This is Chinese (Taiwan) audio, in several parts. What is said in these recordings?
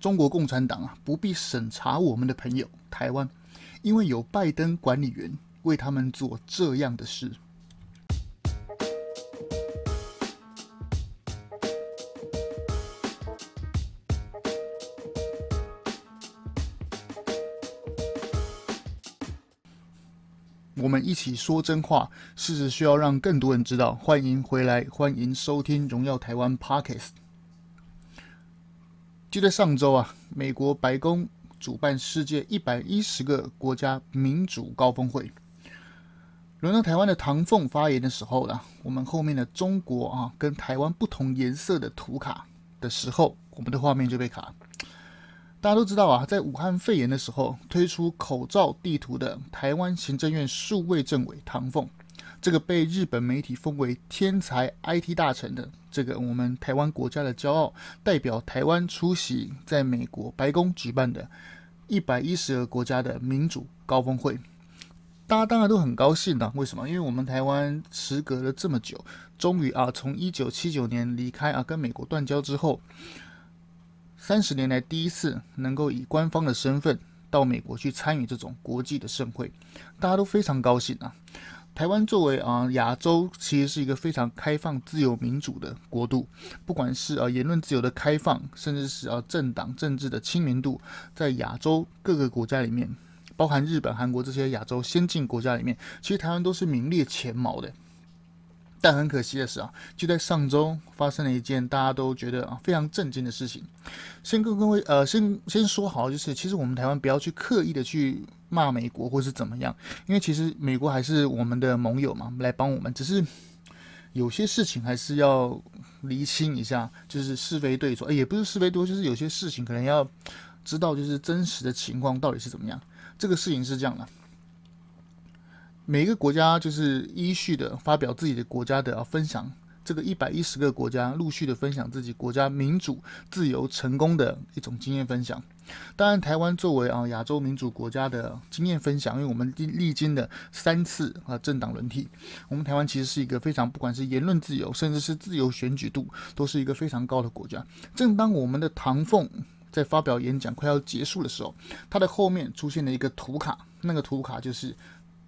中國共產黨啊，不必審查我們的朋友台灣，因為有拜登管理員為他們做這樣的事。我們一起說真話，事實需要讓更多人知道。歡迎回來，歡迎收聽《榮耀台灣》Podcast。就在上週啊，美國白宮主辦世界一百一十個國家民主高峰會，輪到台灣的唐鳳發言的時候呢，我們後面的中國啊，跟台灣不同顏色的圖卡的時候，我們的畫面就被卡。大家都知道啊，在武漢肺炎的時候，推出口罩地圖的台灣行政院數位政委唐鳳。這個被日本媒體封為天才 IT 大臣的，這個我們台灣國家的驕傲，代表台灣出席在美國白宮舉辦的110個國家的民主高峰會，大家當然都很高興呢啊，為什麼？因為我們台灣時隔了這麼久，終於啊，從1979年離開啊跟美國斷交之後，三十年來第一次能夠以官方的身份到美國去參與這種國際的盛會，大家都非常高興啊。台灣作為啊亞洲，其實是一個非常開放、自由、民主的國度。不管是啊言論自由的開放，甚至是啊政黨政治的清明度，在亞洲各個國家裡面，包含日本、韓國這些亞洲先進國家裡面，其實台灣都是名列前茅的。但很可惜的是啊，就在上週發生了一件大家都覺得啊非常震驚的事情。先跟各位呃先先說好，就是其實我們台灣不要去刻意的去罵美國或是怎麼樣，因為其實美國還是我們的盟友嘛，來幫我們。只是有些事情還是要釐清一下，就是是非對錯、欸，也不是是非多，就是有些事情可能要知道就是真實的情況到底是怎麼樣。這個事情是這樣的。每一個國家就是依序的發表自己的國家的啊，分享這個一百一十個國家陸續的分享自己國家民主自由成功的，一種經驗分享。當然，台灣作為啊亞洲民主國家的經驗分享，因為我們歷經了三次啊政黨輪替，我們台灣其實是一個非常不管是言論自由，甚至是自由選舉度，都是一個非常高的國家。正當我們的唐鳳在發表演講快要結束的時候，他的後面出現了一個圖卡，那個圖卡就是。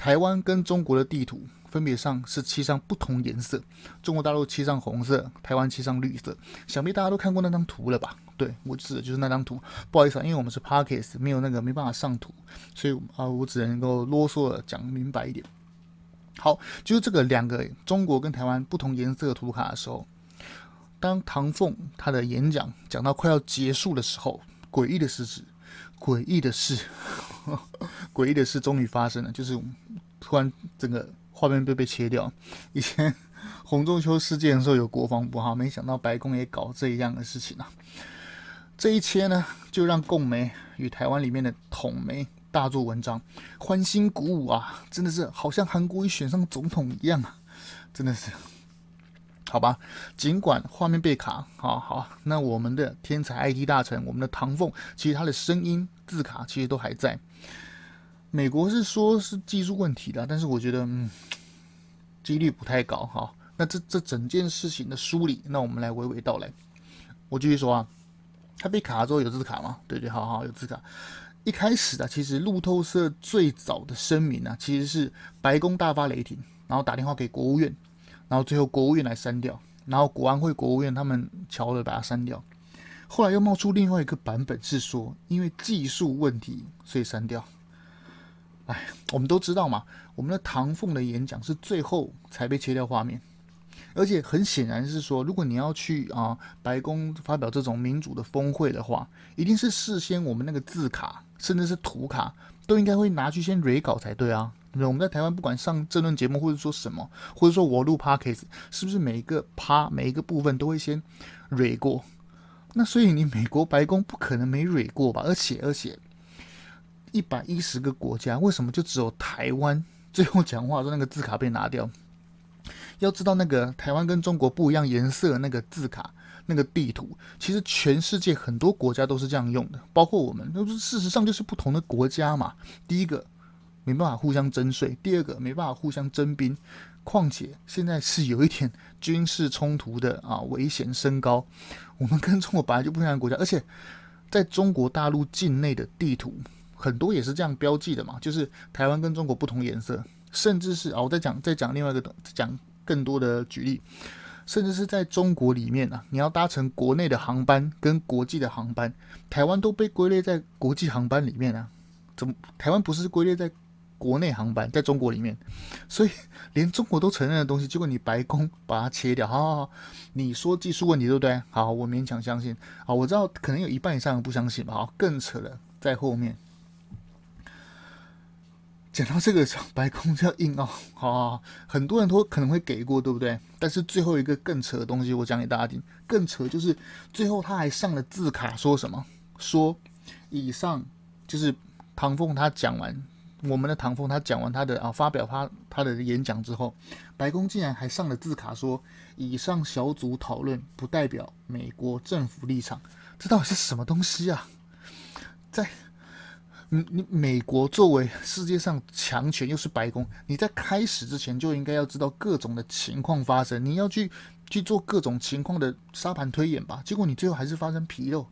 台灣跟中國的地圖分別上是漆上不同顏色，中國大陸漆上紅色，台灣漆上綠色。想必大家都看過那張圖了吧？對，我指的就是，就是那張圖。不好意思啊，因為我們是 Podcast，沒有那個沒辦法上圖，所以啊，我只能夠囉嗦的講明白一點。好，就是這個兩個中國跟台灣不同顏色的圖卡的時候，當唐鳳他的演講講到快要結束的時候，詭異的事實，詭異的事，詭 異的事終於發生了，就是突然，整個畫面被被切掉。以前洪仲丘事件的時候有國防部哈，沒想到白宮也搞這一樣的事情啊。這一切呢，就讓共媒與台灣裡面的統媒大做文章，歡欣鼓舞啊！真的是好像韓國一選上總統一樣啊！真的是，好吧。儘管畫面被卡，好好，那我們的天才 IT 大臣，我們的唐鳳，其實他的聲音字卡其實都還在。美國是說是技術問題的，但是我覺得嗯，幾率不太高哈。那這這整件事情的梳理，那我們來娓娓道來。我繼續說啊，它被卡了之後有字卡嗎？對對，好好有字卡。一開始啊，其實路透社最早的聲明啊，其實是白宮大發雷霆，然後打電話給國務院，然後最後國務院來刪掉，然後國安會、國務院他們悄悄把它刪掉。後來又冒出另外一個版本，是說因為技術問題所以刪掉。哎，我們都知道嘛，我們的唐鳳的演講是最後才被切掉畫面，而且很顯然是說，如果你要去啊、呃、白宮發表這種民主的峰會的話，一定是事先我們那個字卡甚至是圖卡都應該會拿去先蕊稿才對啊。那我們在台灣不管上政論節目或者說什麼，或者說我錄 podcast 是不是每一個趴每一個部分都會先蕊過？那所以你美國白宮不可能沒蕊過吧？而且而且。一百一十個國家，為什麼就只有台灣最後講話說那個字卡被拿掉？要知道，那個台灣跟中國不一樣顏色的那個字卡、那個地圖，其實全世界很多國家都是這樣用的，包括我們。那是事實上就是不同的國家嘛？第一個沒辦法互相徵稅，第二個沒辦法互相徵兵，況且現在是有一點軍事衝突的啊，危險升高。我們跟中國本來就不一樣的國家，而且在中國大陸境內的地圖，很多也是這樣標記的嘛，就是台灣跟中國不同顏色，甚至是哦，我再講，再講另外一個東，講更多的舉例，甚至是在中國裡面啊，你要搭乘國內的航班跟國際的航班，台灣都被歸類在國際航班裡面啊，怎麼台灣不是歸類在國內航班，在中國裡面，所以連中國都承認的東西，結果你白宮把它切掉，好好好，你說技術問題對不對？好，我勉強相信，好，我知道可能有一半以上不相信吧，好，更扯的在後面。講到這個時候，白宮就要硬拗、哦、啊，很多人都可能會給過，對不對？但是最後一個更扯的東西，我講給大家聽。更扯就是，最後他還上了字卡，說什麼？說以上就是唐鳳他講完，我們的唐鳳他講完他的啊、哦，發表他他的演講之後，白宮竟然還上了字卡說，說以上小組討論不代表美國政府立場，這到底是什麼東西啊？在。你你美國作為世界上強權，又是白宮，你在開始之前就應該要知道各種的情況發生，你要去去做各種情況的沙盤推演吧。結果你最後還是發生紕漏，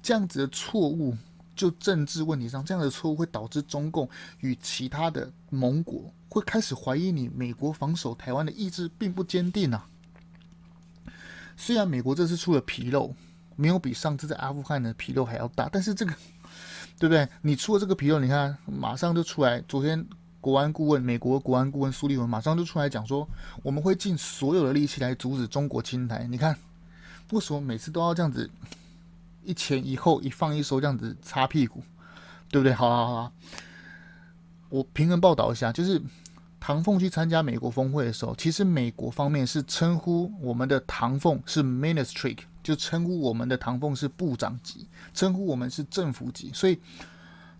這樣子的錯誤就政治問題上，這樣的錯誤會導致中共與其他的盟國會開始懷疑你美國防守台灣的意志並不堅定啊。雖然美國這次出了紕漏，沒有比上次在阿富汗的紕漏還要大，但是這個。對不對？你出了這個紕漏，你看馬上就出來。昨天國安顧問、美國國安顧問蘇利文馬上就出來講說，我們會盡所有的力氣來阻止中國侵台。你看，為什麼每次都要這樣子一前一後、一放一收這樣子擦屁股？對不對？好啊好啊，我平衡報道一下，就是唐鳳去參加美國峰會的時候，其實美國方面是稱呼我們的唐鳳是 Minister。就稱呼我們的唐鳳是部長級，稱呼我們是政府級，所以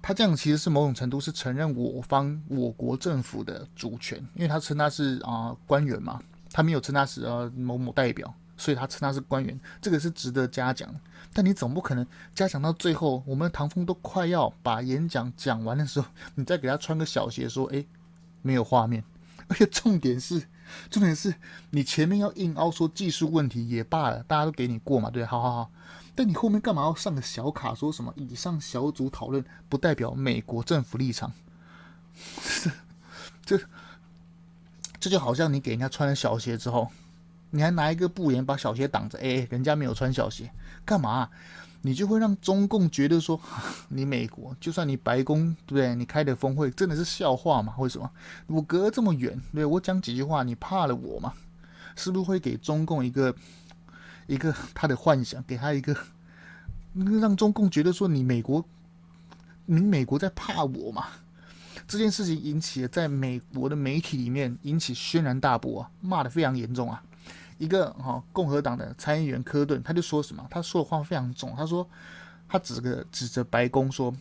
他這樣其實是某種程度是承認我方我國政府的主權，因為他稱他是啊、呃、官員嘛，他沒有稱他是呃某某代表，所以他稱他是官員，這個是值得嘉獎。但你總不可能嘉獎到最後，我們的唐鳳都快要把演講講完的時候，你再給他穿個小鞋說，哎、欸，沒有畫面，而且重點是。重點是你前面要硬凹說技術問題也罷了，大家都給你過嘛，對，好好好。但你後面幹嘛要上個小卡，說什麼以上小組討論不代表美國政府立場？ 這這就好像你給人家穿了小鞋之後，你還拿一個布簾把小鞋擋着，哎、欸，人家沒有穿小鞋，幹嘛？你就會讓中共覺得說，你美國就算你白宮對不對？你開的峰會真的是笑話嗎？為什麼我隔這麼遠，對我講幾句話，你怕了我嗎？是不是會給中共一個一個他的幻想，給他一個讓中共覺得說，你美國你美國在怕我嗎？這件事情引起了在美國的媒體裡面引起軒然大波啊，罵得非常嚴重啊。一個哈、哦、共和黨的參議員科頓他就說什麼？他說的話非常重。他說，他指個指着白宮說：“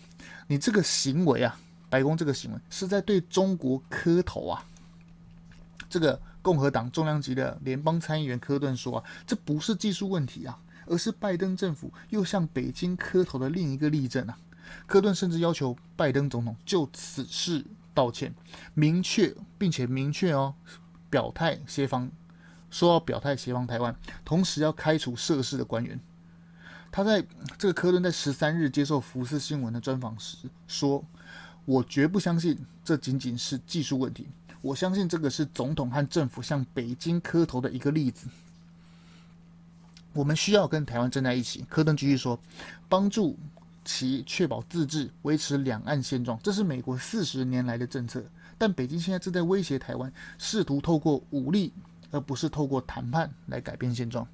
你這個行為啊，白宮這個行為是在對中國磕頭啊。”這個共和黨重量級的聯邦參議員科頓說：“啊，這不是技術問題啊，而是拜登政府又向北京磕頭的另一個例證啊。”科頓甚至要求拜登總統就此事道歉，明確並且明確哦表態，協防。說要表態協防台灣，同時要開除涉事的官員。他在這個科頓在十三日接受福斯新聞的專訪時說：“我絕不相信這僅僅是技術問題，我相信這個是總統和政府向北京磕頭的一個例子。我們需要跟台灣站在一起。”科頓繼續說：“幫助其確保自治，維持兩岸現狀，這是美國四十年來的政策。但北京現在正在威脅台灣，試圖透過武力，”而不是透過談判來改變現狀。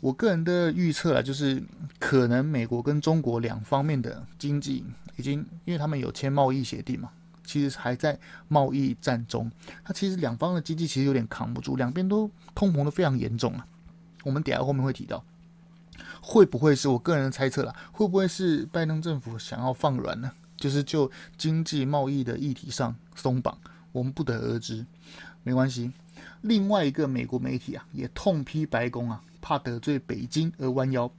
我個人的預測啊，就是可能美國跟中國兩方面的經濟已經，因為他們有簽貿易協定嘛，其實還在貿易戰中。它其實兩方的經濟其實有點扛不住，兩邊都通膨得非常嚴重啊。我們等下後面會提到，會不會是我個人的猜測了？會不會是拜登政府想要放軟呢？就是就經濟貿易的議題上鬆綁，我們不得而知。沒關係。另外一個美國媒體啊，也痛批白宮啊，怕得罪北京而彎腰。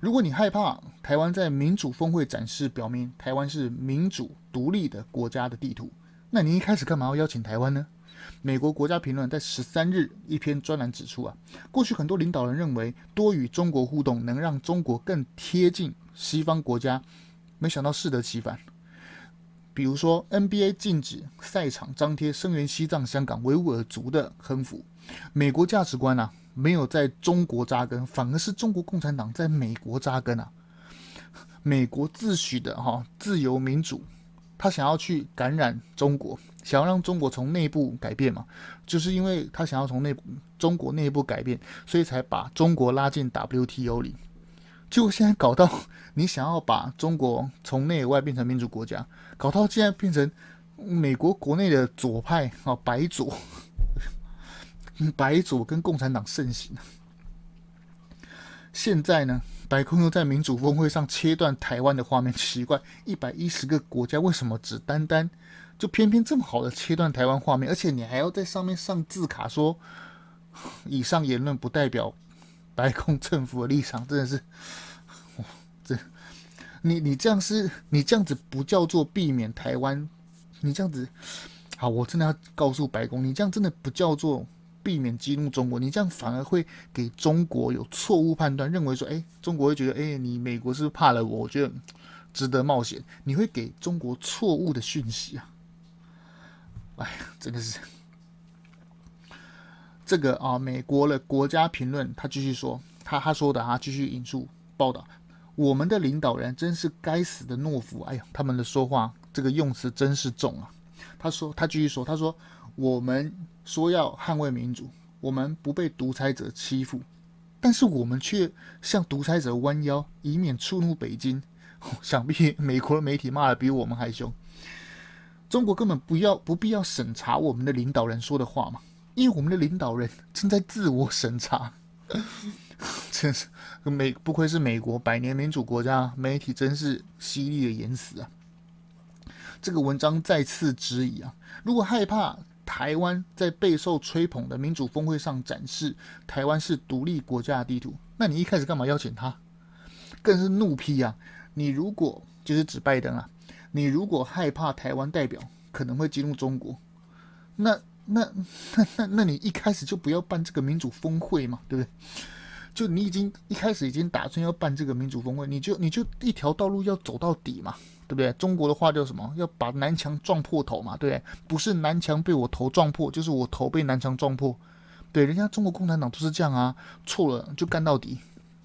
如果你害怕台灣在民主峰會展示表明台灣是民主獨立的國家的地圖，那你一開始幹嘛要邀請台灣呢？美國國家評論在十三日一篇專欄指出啊，過去很多領導人認為多與中國互動能讓中國更貼近西方國家，沒想到適得其反。比如說，NBA 禁止賽場張貼聲援西藏、香港、維吾爾族的橫幅。美國價值觀啊，沒有在中國扎根，反而是中國共產黨在美國扎根啊。美國自詡的哈自由民主，他想要去感染中國，想要讓中國從內部改變嘛，就是因為他想要從內中國內部改變，所以才把中國拉進 WTO 裡。就現在搞到你想要把中國從內外變成民主國家，搞到現在變成美國國內的左派啊，白左，白左跟共產黨盛行。現在呢，白宮又在民主峰會上切斷台灣的畫面，奇怪，一百一十個國家為什麼只單單就偏偏這麼好的切斷台灣畫面，而且你還要在上面上字卡說，以上言論不代表。白宮政府的立場真的是，哇，這你你這樣是，你這樣子不叫做避免台灣，你這樣子，好，我真的要告訴白宮，你這樣真的不叫做避免激怒中國，你這樣反而會給中國有錯誤判斷，認為說，哎、欸，中國會覺得，哎、欸，你美國是不是怕了我，我覺得值得冒險，你會給中國錯誤的訊息啊！哎呀，真的是。這個啊，美國的國家評論，他繼續說，他他說的啊，繼續引述報道我們的領導人真是該死的懦夫！哎呀，他們的說話這個用詞真是重啊！他說，他繼續說，他說，我們說要捍衛民主，我們不被獨裁者欺負，但是我們卻向獨裁者彎腰，以免觸怒北京。想必美國的媒體罵的比我們還兇。中國根本不要不必要審查我們的領導人說的話嘛。因為我們的領導人正在自我審查， 真是美，不愧是美國百年民主國家，媒體真是犀利的言辭啊！這個文章再次質疑啊，如果害怕台灣在備受吹捧的民主峰會上展示台灣是獨立國家的地圖，那你一開始幹嘛邀請他？更是怒批啊，你如果就是指拜登啊，你如果害怕台灣代表可能會激怒中國，那。那那那那你一開始就不要辦這個民主峰會嘛，對不對？就你已經一開始已經打算要辦這個民主峰會，你就你就一條道路，要走到底嘛，對不對？中國的話叫什麼？要把南牆撞破頭嘛，對不對？不是南牆被我頭撞破，就是我頭被南牆撞破。對，人家中國共產黨都是這樣啊，錯了就幹到底，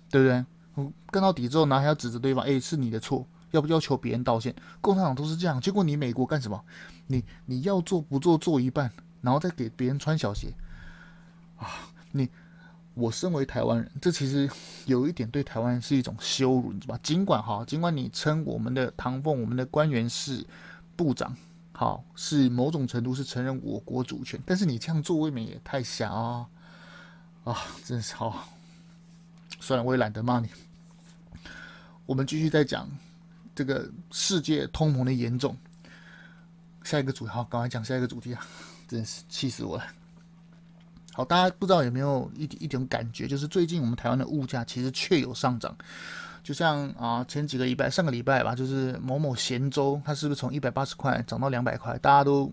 對不對？嗯，幹到底之後呢，呢還要指着對方，哎，是你的錯，要不要求別人道歉？共產黨都是這樣，結果你美國幹什麼？你你要做不做，做一半。然後再給別人穿小鞋，啊！你我身為台灣人，這其實有一點對台灣人是一種羞辱，你知道嗎？儘管哈，儘管你稱我們的唐鳳、我們的官員是部長，好，是某種程度是承認我國主權，但是你這樣做未免也太狹隘啊、哦！啊，真是好，算了，我也懶得罵你。我們繼續再講這個世界通膨的嚴重。下一個主題，好，趕快講下一個主題啊！真是氣死我了！好，大家不知道有沒有一一種感覺，就是最近我們台灣的物價其實確有上漲。就像啊，前幾個禮拜，上個禮拜吧，就是某某鹹粥，它是不是從一百八十塊漲到兩百塊？大家都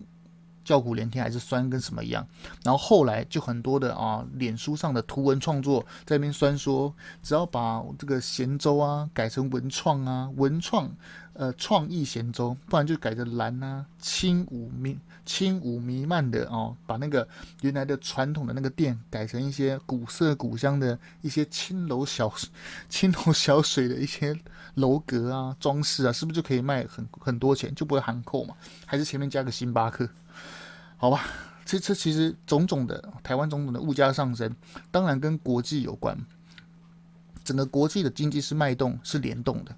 叫苦連天，還是酸跟什麼一樣？然後後來就很多的啊，臉書上的圖文創作在那邊酸說，只要把這個鹹粥啊改成文創啊，文創。呃，創意鹹粥，不然就改成藍吶、啊、輕舞彌、輕舞彌漫的哦，把那個原來的傳統的那個店改成一些古色古香的一些青樓小、青樓小水的一些樓閣啊、裝飾啊，是不是就可以賣很很多錢，就不會寒扣嘛？還是前面加個星巴克？好吧，這這其實種種的台灣種種的物價上升，當然跟國際有關，整個國際的經濟是脈動是聯動的。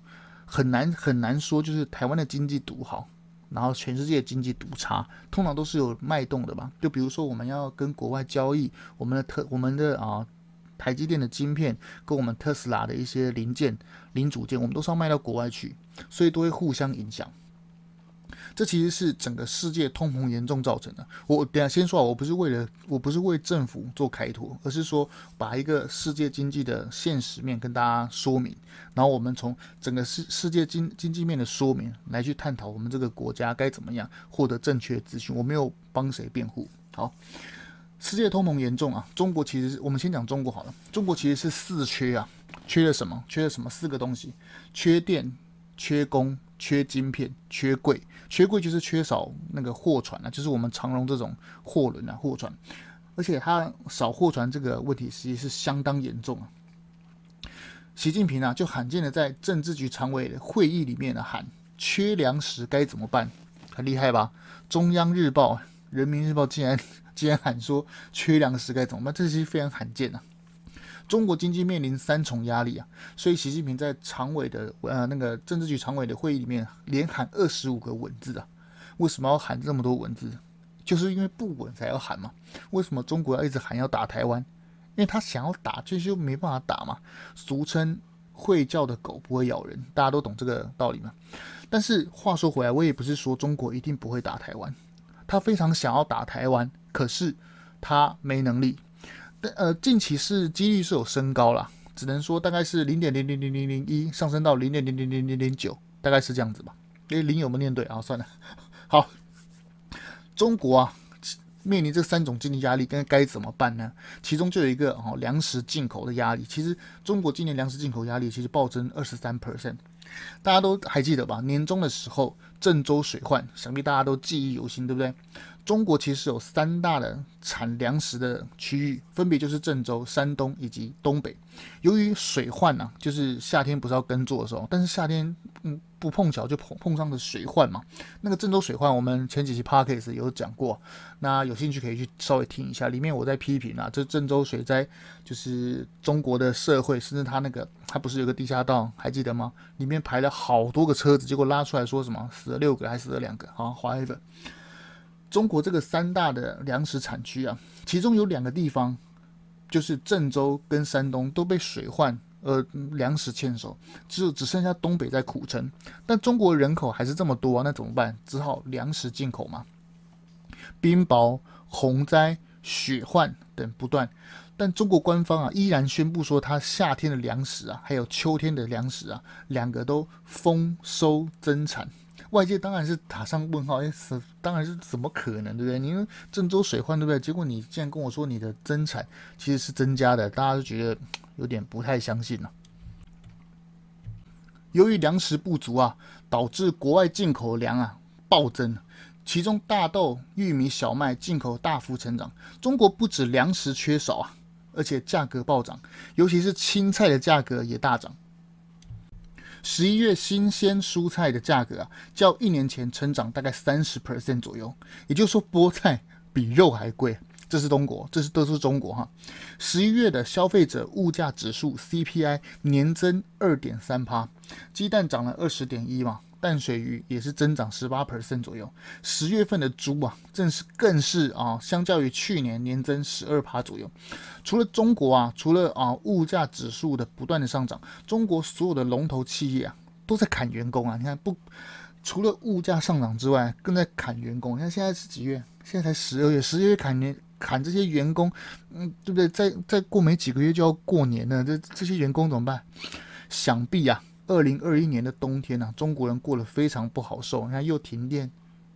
很難很難說，就是台灣的經濟獨好，然後全世界的經濟獨差，通常都是有脈動的吧。就比如說，我們要跟國外交易我們的特我們的啊、呃、台積電的晶片，跟我們特斯拉的一些零件零組件，我們都是要賣到國外去，所以都會互相影響。這其實是整個世界通膨嚴重造成的。我等下先說啊，我不是為了我不是為政府做開脫，而是說把一個世界經濟的現實面跟大家說明，然後我們從整個世世界經濟面的說明來去探討我們這個國家該怎麼樣獲得正確的資訊。我沒有幫誰辯護。好，世界通膨嚴重啊，中國其實我們先講中國好了，中國其實是四缺啊，缺了什麼？缺了什麼？四個東西，缺電，缺工。缺晶片，缺櫃，缺櫃就是缺少那個貨船啊，就是我們長榮這種貨輪啊，貨船，而且它少貨船這個問題，實際是相當嚴重啊。習近平啊，就罕見的在政治局常委的會議裡面、啊、喊：缺糧食該怎麼辦？很厲害吧？中央日報、人民日報竟然竟然喊說缺糧食該怎麼辦，這是非常罕見的、啊。中國經濟面臨三重壓力啊，所以習近平在常委的呃那個政治局常委的會議裡面連喊二十五個文字啊，為什麼要喊這麼多文字？就是因為不穩才要喊嘛。為什麼中國要一直喊要打台灣？因為他想要打，其實就是沒辦法打嘛。俗稱會叫的狗不會咬人，大家都懂這個道理嘛。但是話說回來，我也不是說中國一定不會打台灣，他非常想要打台灣，可是他沒能力。呃，近期是幾率是有升高了，只能說大概是零點零零零零零一上升到零點零零零零零九，大概是這樣子吧。零、欸、零有沒有念對啊？算了，好，中國啊，面臨這三種經濟壓力，該該怎麼辦呢？其中就有一個哦，糧食進口的壓力。其實中國今年糧食進口壓力其實暴增二十三 percent，大家都還記得吧？年終的時候鄭州水患，想必大家都記憶猶新，對不對？中國其實有三大的產糧食的區域，分別就是鄭州、山東以及東北。由於水患吶、啊，就是夏天不是要耕作的時候，但是夏天嗯不，不碰巧就碰碰上了水患嘛。那個鄭州水患，我們前幾期 podcast 有講過，那有興趣可以去稍微聽一下。裡面我在批評啊，這鄭州水災就是中國的社會，甚至它那個它不是有個地下道，還記得嗎？裡面排了好多個車子，結果拉出來說什麼死了六個，還死了兩個，好像華裔的。中國這個三大的糧食產區啊，其中有兩個地方，就是鄭州跟山東都被水患，呃，糧食欠收，只有只剩下東北在苦撐。但中國人口還是這麼多啊，那怎麼辦？只好糧食進口嘛。冰雹、洪災、雪患等不斷，但中國官方啊依然宣布說，它夏天的糧食啊，還有秋天的糧食啊，兩個都豐收增產。外界當然是打上問號，哎，是當然是怎麼可能，對不對？因為鄭州水患，對不對？結果你竟然跟我說你的增產其實是增加的，大家都覺得有點不太相信了啊。由於糧食不足啊，導致國外進口糧啊暴增，其中大豆、玉米、小麥進口大幅成長。中國不止糧食缺少啊，而且價格暴漲，尤其是青菜的價格也大漲。十一月新鮮蔬菜的價格啊，較一年前成長大概三十 percent 左右，也就是說菠菜，比肉還貴。這是中國，這是都是中國哈。十一月的消費者物價指數 CPI 年增二點三帕，雞蛋漲了二十點一嘛。淡水魚也是增長十八 percent 左右，十月份的豬啊，正是更是啊，相較於去年年增十二趴左右。除了中國啊，除了啊物價指數的不斷的上漲，中國所有的龍頭企業啊都在砍員工啊。你看不，除了物價上漲之外，更在砍員工。你看現在是幾月？現在才十二月，十一月砍年砍這些員工，嗯，對不對？再再過沒幾個月就要過年了，這這些員工怎麼辦？想必啊。二零二一年的冬天呢、啊，中國人過得非常不好受。你看，又停電，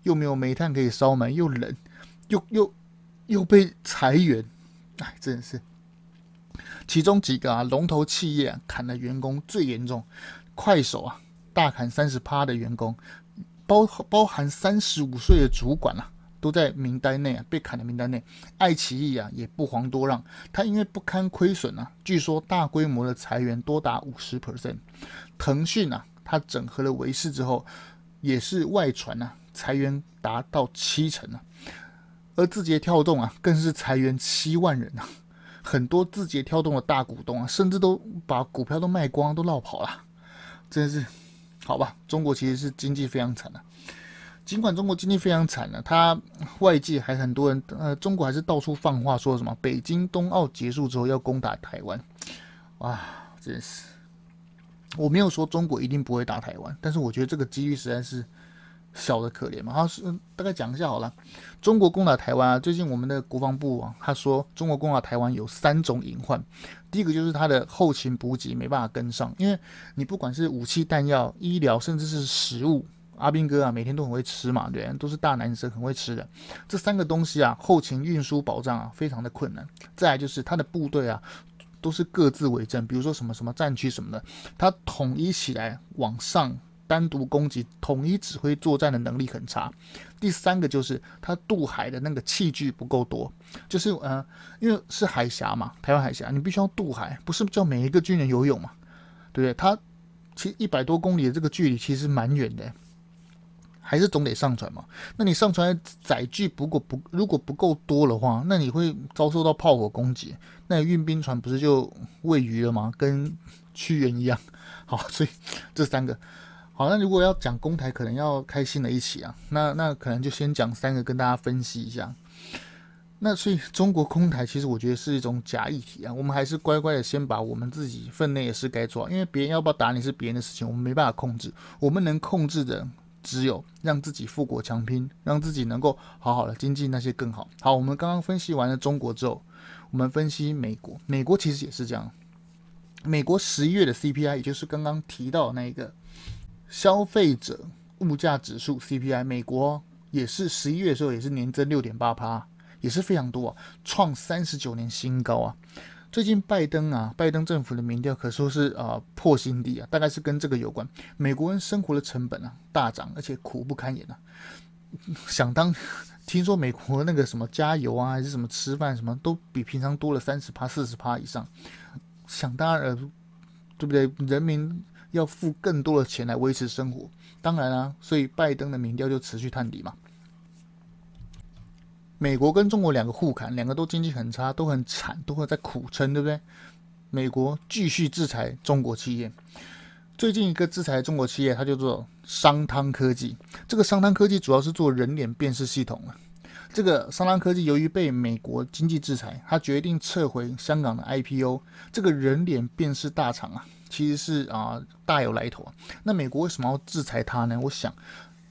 又沒有煤炭可以燒煤，門又冷，又又又被裁員，哎，真的是。其中幾個啊，龍頭企業、啊、砍的員工最嚴重。快手啊，大砍三十趴的員工，包包含三十五歲的主管啊，都在名單內啊，被砍的名單內。愛奇藝啊，也不遑多讓，它因為不堪虧損啊，據說大規模的裁員多達五十 percent。騰訊啊，它整合了維視之後，也是外傳啊，裁員達到七成啊。而字節跳動啊，更是裁員七萬人啊，很多字節跳動的大股東啊，甚至都把股票都賣光，都落跑了啊。真是，好吧，中國其實是經濟非常慘的啊。儘管中國經濟非常慘了啊，他外界還很多人，呃，中國還是到處放話說什麼，北京冬奧結束之後要攻打台灣，哇，真是。我沒有說中國一定不會打台灣，但是我覺得這個幾率實在是小的可憐嘛。啊，是、嗯、大概講一下好了。中國攻打台灣啊，最近我們的國防部啊，他說中國攻打台灣有三種隱患。第一個就是他的後勤補給沒辦法跟上，因為你不管是武器彈藥、醫療，甚至是食物，阿兵哥啊每天都很會吃嘛，對，都是大男生很會吃的。這三個東西啊，後勤運輸保障啊，非常的困難。再來就是他的部隊啊。都是各自為政，比如說什麼什麼戰區什麼的，他統一起來往上單獨攻擊，統一指揮作戰的能力很差。第三個就是他渡海的那個器具不夠多，就是呃，因為是海峽嘛，台灣海峽，你必須要渡海，不是叫每一個軍人游泳嘛，對不對？他其實一百多公里的這個距離其實蠻遠的欸。還是總得上船嘛？那你上船載具不過不，如果不如果不夠多的話，那你會遭受到炮火攻擊。那運兵船不是就餵魚了嗎？跟屈原一樣。好，所以這三個好。那如果要講攻台，可能要開心的一起啊。那那可能就先講三個，跟大家分析一下。那所以中國攻台其實我覺得是一種假議題啊。我們還是乖乖的先把我們自己分內的事該做，因為別人要不要打你是別人的事情，我們沒辦法控制。我們能控制的。只有讓自己富國強兵，讓自己能夠好好的經濟那些更好。好，我們剛剛分析完了中國之後，我們分析美國。美國其實也是這樣。美國十一月的 CPI，也就是剛剛提到的那個消費者物價指數 CPI，美國也是十一月的時候也是年增六點八趴，也是非常多啊，創三十九年新高啊。最近拜登啊，拜登政府的民調可說是啊、呃、破新低啊，大概是跟這個有關。美國人生活的成本啊大漲，而且苦不堪言、啊。想當聽說美國那個什麼加油啊，還是什麼吃飯什麼都比平常多了三十趴、四十趴以上。想當然，對不對？人民要付更多的錢來維持生活，當然啦、啊，所以拜登的民調就持續探底嘛。美國跟中國兩個互砍，兩個都經濟很差，都很慘，都會在苦撐，對不對？美國繼續制裁中國企業。最近一個制裁中國企業，它叫做商湯科技。這個商湯科技主要是做人臉辨識系統啊。這個商湯科技由於被美國經濟制裁，它決定撤回香港的 IPO。這個人臉辨識大廠啊，其實是啊、呃、大有來頭啊。那美國為什麼要制裁它呢？我想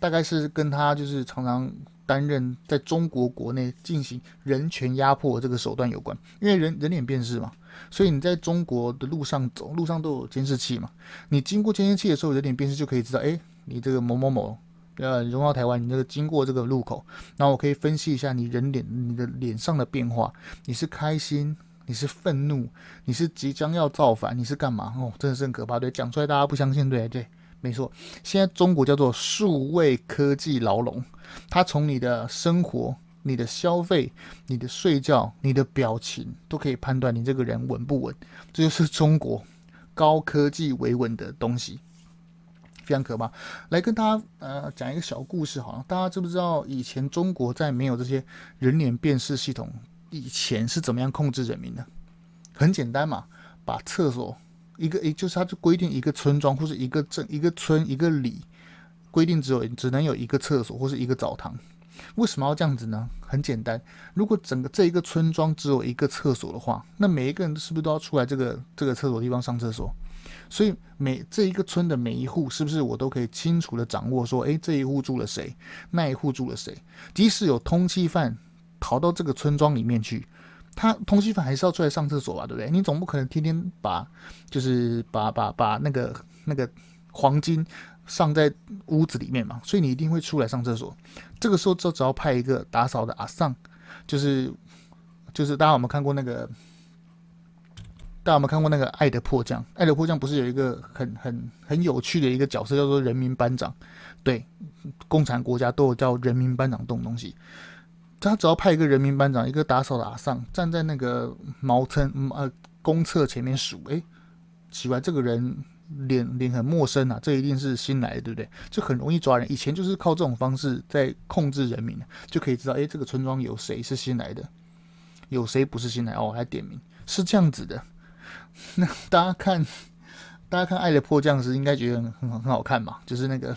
大概是跟它就是常常。擔任在中國國內進行人權壓迫的這個手段有關，因為人人臉辨識嘛，所以你在中國的路上走，路上都有監視器嘛。你經過監視器的時候，人臉辨識就可以知道，誒、欸，你這個某某某，呃、啊，榮耀台灣，你這個經過這個路口，然後我可以分析一下你人臉你的臉上的變化，你是開心，你是憤怒，你是即將要造反，你是幹嘛？哦，真的是很可怕，對，講出來大家不相信，對對，沒錯，現在中國叫做數位科技牢籠。他從你的生活、你的消費、你的睡覺、你的表情，都可以判斷你這個人穩不穩。這就是中國高科技維穩的東西，非常可怕。來跟大家呃講一個小故事，好，大家知不知道以前中國在沒有這些人臉辨識系統以前是怎麼樣控制人民的？很簡單嘛，把廁所一個，也就是它就規定一個村莊或者一個鎮、一個村、一個里。規定只有只能有一個廁所或是一個澡堂，為什麼要這樣子呢？很簡單，如果整個這一個村莊只有一個廁所的話，那每一個人是不是都要出來這個這個廁所地方上廁所？所以每這一個村的每一戶是不是我都可以清楚的掌握，說，哎，這一戶住了誰，那一戶住了誰？即使有通緝犯逃到這個村莊裡面去，他通緝犯還是要出來上廁所吧？對不對？你總不可能天天把就是把把把那個那個黃金。上在屋子裡面嘛，所以你一定會出來上廁所。這個時候就只要派一個打掃的阿桑，就是就是大家有沒有看過那個？大家有沒有看過那個《愛的迫降》？《愛的迫降》不是有一個很很很有趣的一個角色，叫做人民班長。對，共產國家都有叫人民班長這種東西。他只要派一個人民班長，一個打掃的阿桑站在那個茅廁嗯，啊公廁前面數。誒，奇怪，這個人。臉臉很陌生啊，這一定是新來的，對不對？就很容易抓人。以前就是靠這種方式在控制人民，就可以知道，哎，這個村莊有誰是新來的，有誰不是新來的哦，來點名，是這樣子的。那大家看，大家看《愛的迫降》時，應該覺得很很好看嘛？就是那個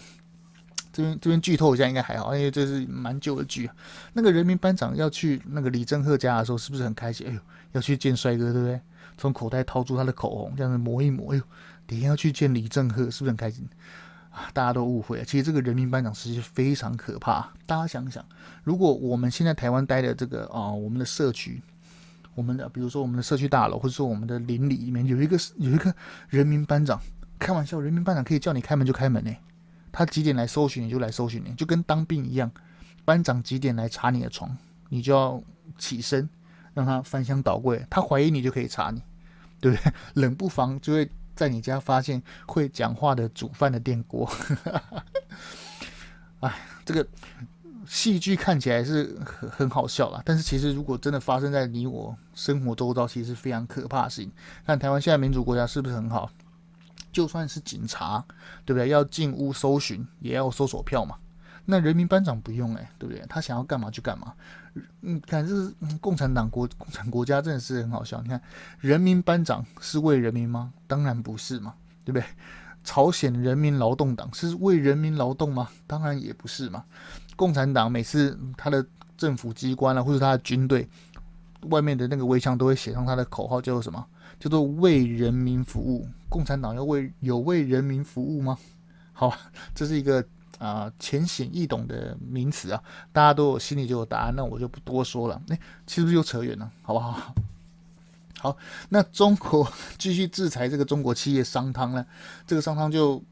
這邊這邊劇透一下，應該還好，因為這是蠻舊的劇、啊。那個人民班長要去那個李正赫家的時候，是不是很開心？哎呦，要去見帥哥，對不對？從口袋掏出他的口紅，這樣子抹一抹，哎呦。每天要去見李正赫，是不是很開心啊？大家都誤會了。其實這個人民班長實際上非常可怕。大家想想，如果我們現在台灣待的這個啊、呃，我們的社區，我們的比如說我們的社區大樓，或者說我們的鄰里裡面，有一個有一個人民班長，開玩笑，人民班長可以叫你開門就開門呢。他幾點來搜尋你就來搜尋你，就跟當兵一樣。班長幾點來查你的床，你就要起身讓他翻箱倒櫃。他懷疑你就可以查你，對不對？冷不防就會。在你家發現會講話的煮飯的電鍋，哎，這個戲劇看起來是很好笑啦。但是其實如果真的發生在你我生活周遭，其實是非常可怕的事情。看台灣現在民主國家是不是很好？就算是警察，對不對？要進屋搜尋也要搜索票嘛？那人民班長不用誒、欸，對不對？他想要幹嘛就幹嘛。嗯，你看，這是共產黨國、共產國家，真的是很好笑。你看，人民班長是為人民嗎？當然不是嘛，對不對？朝鮮人民勞動黨是為人民勞動嗎？當然也不是嘛。共產黨每次他的政府機關啊，或者他的軍隊外面的那個圍牆都會寫上他的口號，叫做什麼？叫做為人民服務。共產黨要為有為人民服務嗎？好，這是一個。啊，淺顯、呃、易懂的名詞啊，大家都有心裡就有答案，那我就不多說了。那、欸、其實就扯遠了，好不好？好，那中國繼續制裁這個中國企業商湯呢？這個商湯就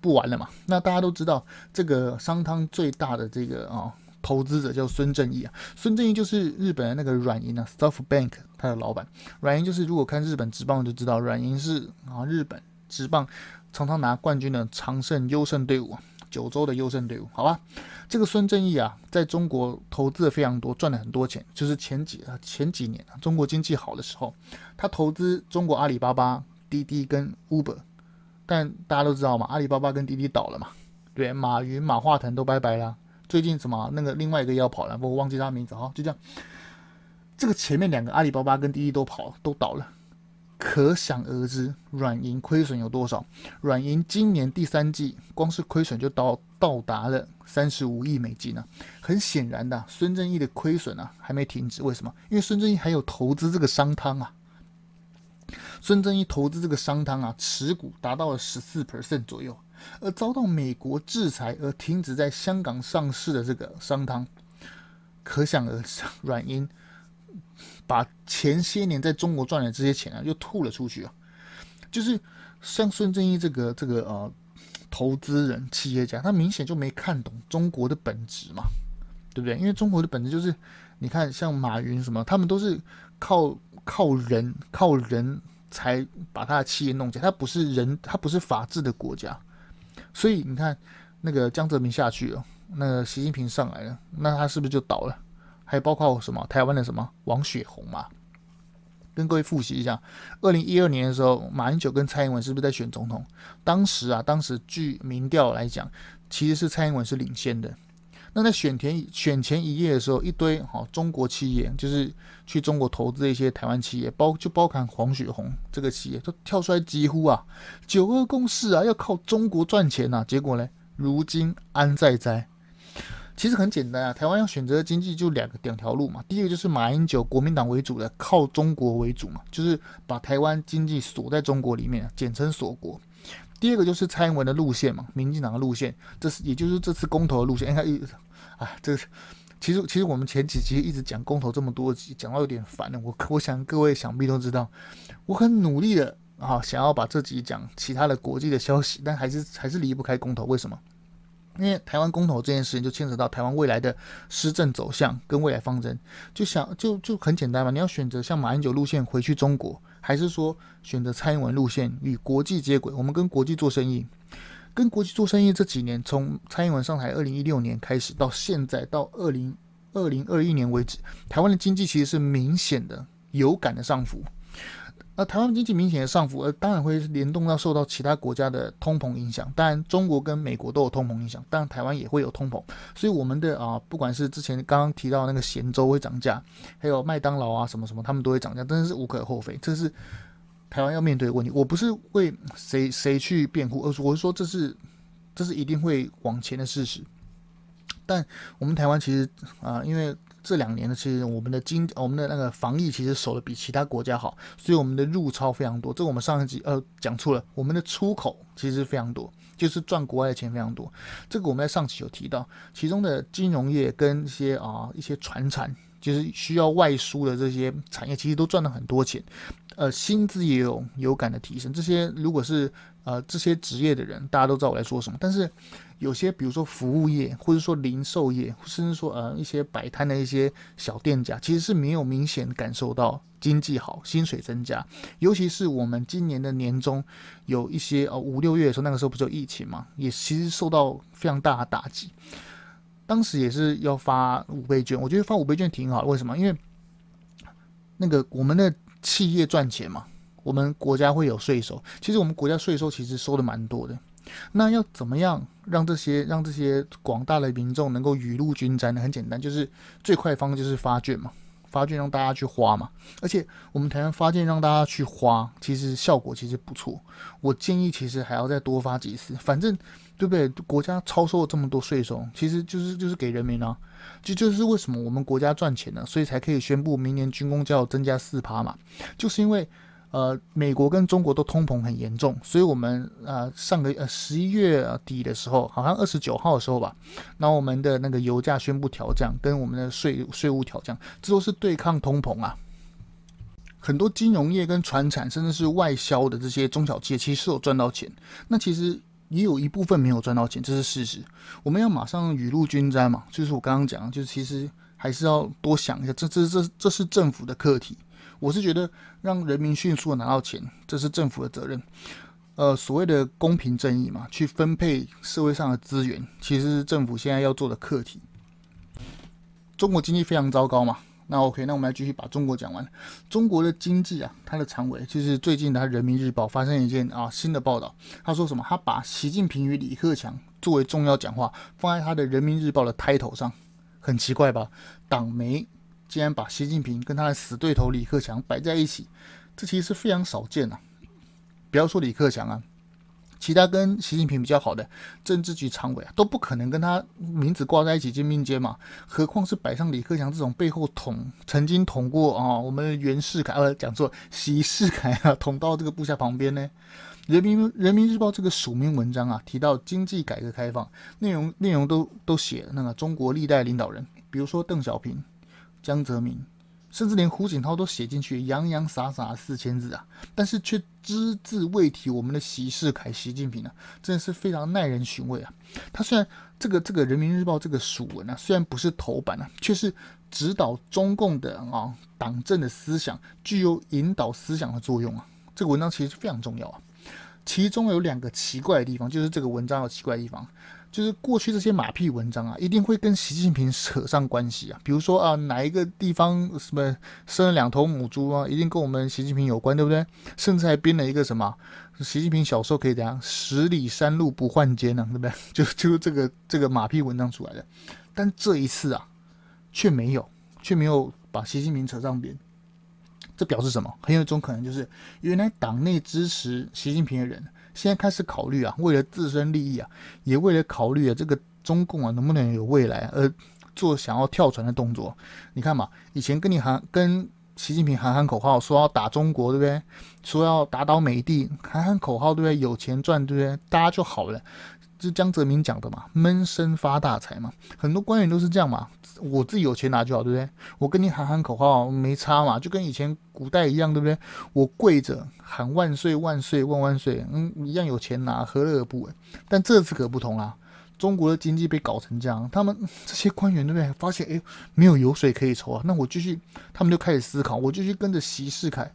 不玩了嘛。那大家都知道，這個商湯最大的這個啊投資者叫孫正義啊，孫正義就是日本的那個軟銀啊，SoftBank 他的老闆。軟銀就是如果看日本職棒就知道，軟銀是啊日本職棒常常拿冠軍的常勝優勝隊伍、啊。九州的優勝隊伍，好吧，這個孫正義啊，在中國投資的非常多，賺了很多錢。就是前幾啊，前幾年啊，中國經濟好的時候，他投資中國阿里巴巴、滴滴跟 Uber。但大家都知道嘛，阿里巴巴跟滴滴倒了嘛，對，雲馬雲、馬化騰都拜拜了。最近什麼那個另外一個要跑了，我忘記他名字哈、哦，就這樣。這個前面兩個阿里巴巴跟滴滴都跑，都倒了。可想而知，軟銀虧損有多少？軟銀今年第三季光是虧損就到到達了三十五億美金啊！很顯然的啊，孫正義的虧損啊還沒停止。為什麼？因為孫正義還有投資這個商湯啊。孫正義投資這個商湯啊，持股達到了十四 percent 左右，而遭到美國制裁而停止在香港上市的這個商湯，可想而知，軟銀。把前些年在中國賺的這些錢啊，又吐了出去啊，就是像孫正義這個這個呃投資人企業家，他明顯就沒看懂中國的本質嘛，對不對？因為中國的本質就是，你看像馬雲什麼，他們都是靠靠人靠人才把他的企業弄起來，他不是人，他不是法治的國家，所以你看那個江澤民下去了，那習近平上來了，那他是不是就倒了？還包括什麼台灣的什麼王雪紅嘛，跟各位複習一下，二零一二年的時候，馬英九跟蔡英文是不是在選總統？當時啊，當時據民調來講，其實是蔡英文是領先的。那在選前選前一夜的時候，一堆好、哦、中國企業，就是去中國投資一些台灣企業，包就包括王雪紅這個企業，都跳出來疾呼啊，九二共識啊，要靠中國賺錢吶、啊。結果呢，如今安在哉？其實很簡單啊，台灣要選擇的經濟就兩個兩條路嘛。第一個就是馬英九國民黨為主的，靠中國為主嘛，就是把台灣經濟鎖在中國裡面，簡稱鎖國。第二個就是蔡英文的路線嘛，民進黨的路線，這是也就是這次公投的路線。哎，又、哎，啊、哎，這個其實其實我們前幾期一直講公投這麼多集，講到有點煩了。我我想各位想必都知道，我很努力的啊，想要把這集講其他的國際的消息，但還是還是離不開公投。為什麼？因為台灣公投這件事情就牽扯到台灣未來的施政走向跟未來方針就，就想就就很簡單嘛，你要選擇像馬英九路線回去中國，還是說選擇蔡英文路線與國際接軌？我們跟國際做生意，跟國際做生意這幾年，從蔡英文上台二零一六年開始到現在到二零二零二一年為止，台灣的經濟其實是明顯的有感的上浮。那台灣經濟明顯的上浮，而當然會聯動到受到其他國家的通膨影響。當然，中國跟美國都有通膨影響，當然台灣也會有通膨。所以，我們的啊，不管是之前剛剛提到那個鹹粥會漲價，還有麥當勞啊什麼什麼，他們都會漲價，真的是無可厚非。這是台灣要面對的問題。我不是為誰誰去辯護，而是我是說，這是這是一定會往前的事實。但我們台灣其實啊，因為。這兩年呢，其實我們的經我們的那個防疫其實守得比其他國家好，所以我們的入超非常多。這我們上一集呃講錯了，我們的出口其實非常多，就是賺國外的錢非常多。這個我們在上期有提到，其中的金融業跟一些啊一些傳產，就是需要外輸的這些產業，其實都賺了很多錢，呃，薪資也有有感的提升。這些如果是呃這些職業的人，大家都知道我在說什麼，但是。有些，比如說服務業，或者說零售業，甚至說呃一些擺攤的一些小店家，其實是沒有明顯感受到經濟好、薪水增加。尤其是我們今年的年中，有一些呃五六月的時候，那個時候不是有疫情嘛，也其實受到非常大的打擊。當時也是要發五倍券，我覺得發五倍券挺好的。為什麼？因為那個我們的企業賺錢嘛，我們國家會有稅收。其實我們國家稅收其實收的蠻多的。那要怎麼樣讓這些讓這些廣大的民眾能夠雨露均沾呢？很簡單，就是最快方就是發券嘛，發券讓大家去花嘛。而且我們台灣發券讓大家去花，其實效果其實不錯。我建議其實還要再多發幾次，反正對不對？國家超收了這麼多稅收，其實就是就是給人民啊，就就是為什麼我們國家賺錢呢？所以才可以宣布明年軍公教要增加四趴嘛，就是因為。呃，美國跟中國都通膨很嚴重，所以，我們啊、呃、上個月呃十一月底的時候，好像二十九號的時候吧，那我們的那個油價宣布調降，跟我們的稅稅務調降，這都是對抗通膨啊。很多金融業跟傳產，甚至是外銷的這些中小企業，其實是有賺到錢，那其實也有一部分沒有賺到錢，這是事實。我們要馬上雨露均沾嘛，就是我剛剛講，就是其實還是要多想一下，這這這這是政府的課題。我是覺得讓人民迅速拿到錢，這是政府的責任。呃，所謂的公平正義嘛，去分配社會上的資源，其實是政府現在要做的課題。中國經濟非常糟糕嘛，那 OK，那我們來繼續把中國講完。中國的經濟啊，它的常委就是最近的人民日報發生一件啊新的報道，他說什麼？他把習近平與李克強作為重要講話放在他的人民日報的 title 上，很奇怪吧？黨媒。竟然把習近平跟他的死對頭李克強擺在一起，這其實是非常少見了、啊。不要說李克強啊，其他跟習近平比較好的政治局常委啊，都不可能跟他名字掛在一起肩並肩嘛。何況是擺上李克強這種背後捅，曾經捅過啊，我們袁世凱呃，講、啊、錯，習世凱啊，捅到這個部下旁邊呢。人民人民日報這個署名文章啊，提到經濟改革開放，內容內容都都寫那個中國歷代領導人，比如說鄧小平。江澤民，甚至連胡錦濤都寫進去，洋洋灑灑四千字啊，但是卻只字未提我們的習世凱、習近平呢、啊，真的是非常耐人尋味啊。他雖然這個這個人民日報這個署文，呢、啊，雖然不是頭版啊，卻是指導中共的啊黨政的思想，具有引導思想的作用啊。這個文章其實非常重要啊。其中有兩個奇怪的地方，就是這個文章有奇怪的地方。就是過去這些馬屁文章啊，一定會跟習近平扯上關係啊。比如說啊，哪一個地方什麼生了兩頭母豬啊，一定跟我們習近平有關，對不對？甚至還編了一個什麼，習近平小時候可以怎樣，十里山路不換肩呢，對不對？就就這個這個馬屁文章出來的。但這一次啊，却沒有卻沒有把習近平扯上邊，這表示什麼？很有一種可能就是原來黨內支持習近平的人。現在開始考慮啊，為了自身利益啊，也為了考慮啊，這個中共啊能不能有未來而做想要跳船的動作？你看嘛，以前跟你喊，跟習近平喊喊口號，說要打中國，對不對？說要打倒美帝，喊喊口號，對不對？有錢賺，對不對？大家就好了。就是江澤民講的嘛，悶聲發大財嘛，很多官員都是這樣嘛。我自己有錢拿就好，對不對？我跟你喊喊口號沒差嘛，就跟以前古代一樣，對不對？我跪着喊萬歲萬歲萬萬歲，嗯，一樣有錢拿，何樂而不為？但這次可不同啦、啊，中國的經濟被搞成這樣，他們這些官員，對不對？發現哎、欸，沒有油水可以抽啊，那我繼續，他們就開始思考，我繼續跟着習世凱，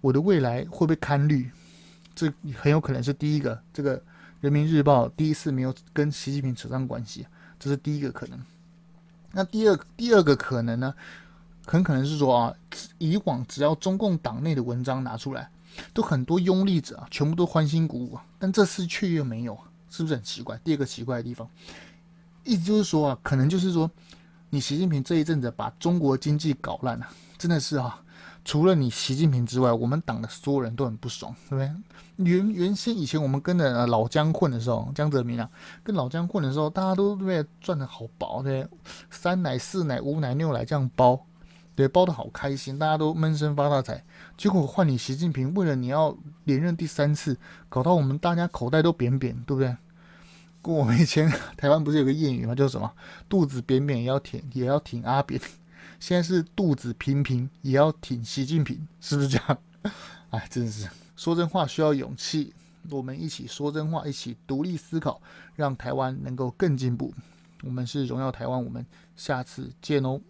我的未來會不會堪慮？這很有可能是第一個這個。人民日報第一次沒有跟習近平扯上關係，這是第一個可能。那第二第二個可能呢？很可能是說啊，以往只要中共黨內的文章拿出來，都很多擁立者啊，全部都歡欣鼓舞啊，但這次卻又沒有，是不是很奇怪？第二個奇怪的地方，意思就是說啊，可能就是說，你習近平這一陣子把中國經濟搞爛了啊，真的是哈、啊。除了你習近平之外，我們黨的所有人都很不爽，對不對？原原先以前我們跟着、呃、老江混的時候，江澤民啊，跟老江混的時候，大家都對不對賺得好薄，對？三奶四奶五奶六奶這樣包，對，包得好開心，大家都悶聲發大財。結果換你習近平，為了你要連任第三次，搞到我們大家口袋都扁扁，對不對？跟我們以前台灣不是有個諺語嗎？就是什麼肚子扁扁也要挺，也要挺阿扁。現在是肚子平平，也要挺習近平，是不是這樣？哎，真的是。說真話需要勇氣。我們一起說真話，一起獨立思考，讓台灣能夠更進步。我們是榮耀台灣，我們下次見哦。